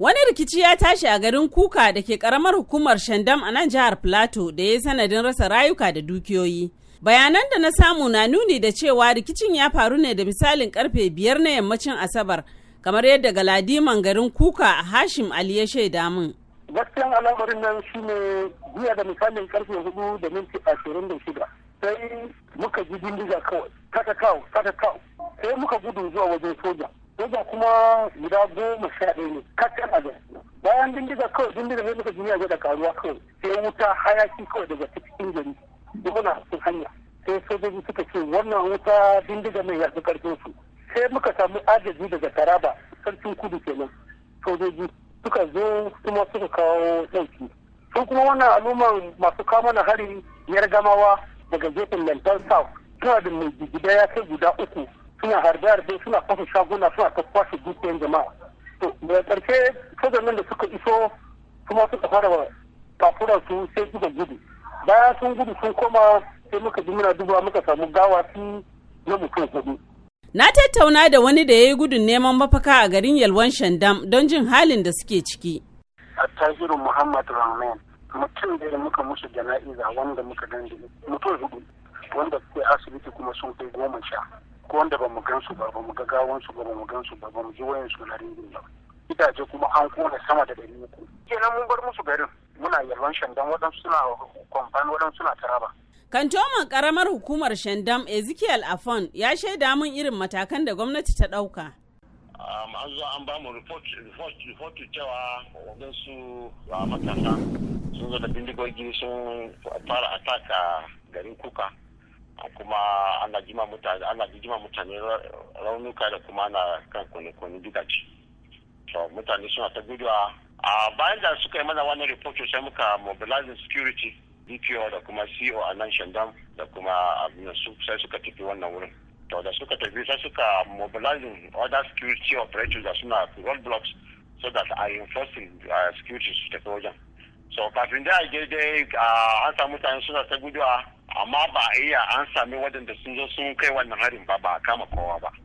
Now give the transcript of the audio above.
Wani rikici ya tashi a garin Kuka da ke karamar hukumar Shandam a nan jihar Plateau da ya sanadin rasa rayuka da dukiyoyi. Bayanan da na samu na nuni da cewa rikicin ya faru ne da misalin karfe biyar na yammacin Asabar, kamar yadda galadiman garin Kuka a Hashim Ali ya shaida min. Gaskiyan al'amarin nan shi ne biya da misalin karfe hudu da minti ashirin da shida. Sai muka ji bindiga kawai, kaka kawo, kaka kawo. Sai muka gudu zuwa wajen soja. soja kuma guda goma sha ɗaya ne kakkan a bayan bindiga kawai bindiga sai muka duniya da karuwa kawai sai wuta hayaki kawai daga cikin gari muna cikin hanya sai sojoji suka ce wannan wuta bindiga mai yasu karfin su sai muka samu agaji daga taraba sarkin kudu kenan sojoji suka zo kuma suka kawo ɗauki sun kuma wannan al'umman masu kama na hari gamawa daga gefen lantar south suna da mai gida ya kai guda uku suna harbe-harbe suna fasa shaguna suna ta kwashe dukiyar jama'a to daga ƙarshe sojan da suka iso kuma suka fara kafura su sai suka gudu bayan sun gudu sun koma sai muka ji muna duba muka samu gawaki na mutum hudu na tattauna da wani da ya yi gudun neman mafaka a garin yalwan shandam don jin halin da suke ciki attahiru muhammad rahman mutum da muka musu jana'iza wanda muka gani mutum hudu wanda kai asibiti kuma sun kai goma sha ko wanda ba mu gansu ba ba mu ga gawansu ba ba mu gansu ba ba mu ji wayan su larin ba gidaje kuma an kona sama da dari uku kenan mun bar musu garin muna yalwan shandan waɗansu suna kwamfan waɗansu suna taraba Kantoman karamar hukumar Shandam Ezekiel Afon ya shaida mun irin matakan da gwamnati ta ɗauka. an zo an ba mu report cewa waɗansu matasa sun zo da bindigogi sun fara ataka garin kuka. kuma ana jima mutane ana jima mutane raunuka da kuma ana kan kone-kone gidaje to mutane suna ta gudu a bayan da suka yi mana wani report sai muka mobilizing security dpo da kuma co e a nan shandam da kuma sai suka tafi wannan wurin to da suka tafi sai suka mobilizing other security operators da suna roadblocks so that a enforcing uh, security su tafi wajen so kafin da a daidai uh, an samu mutane suna ta guduwa amma ba a iya an sami wadanda sun zo sun kai wannan harin ba ba a kama kowa ba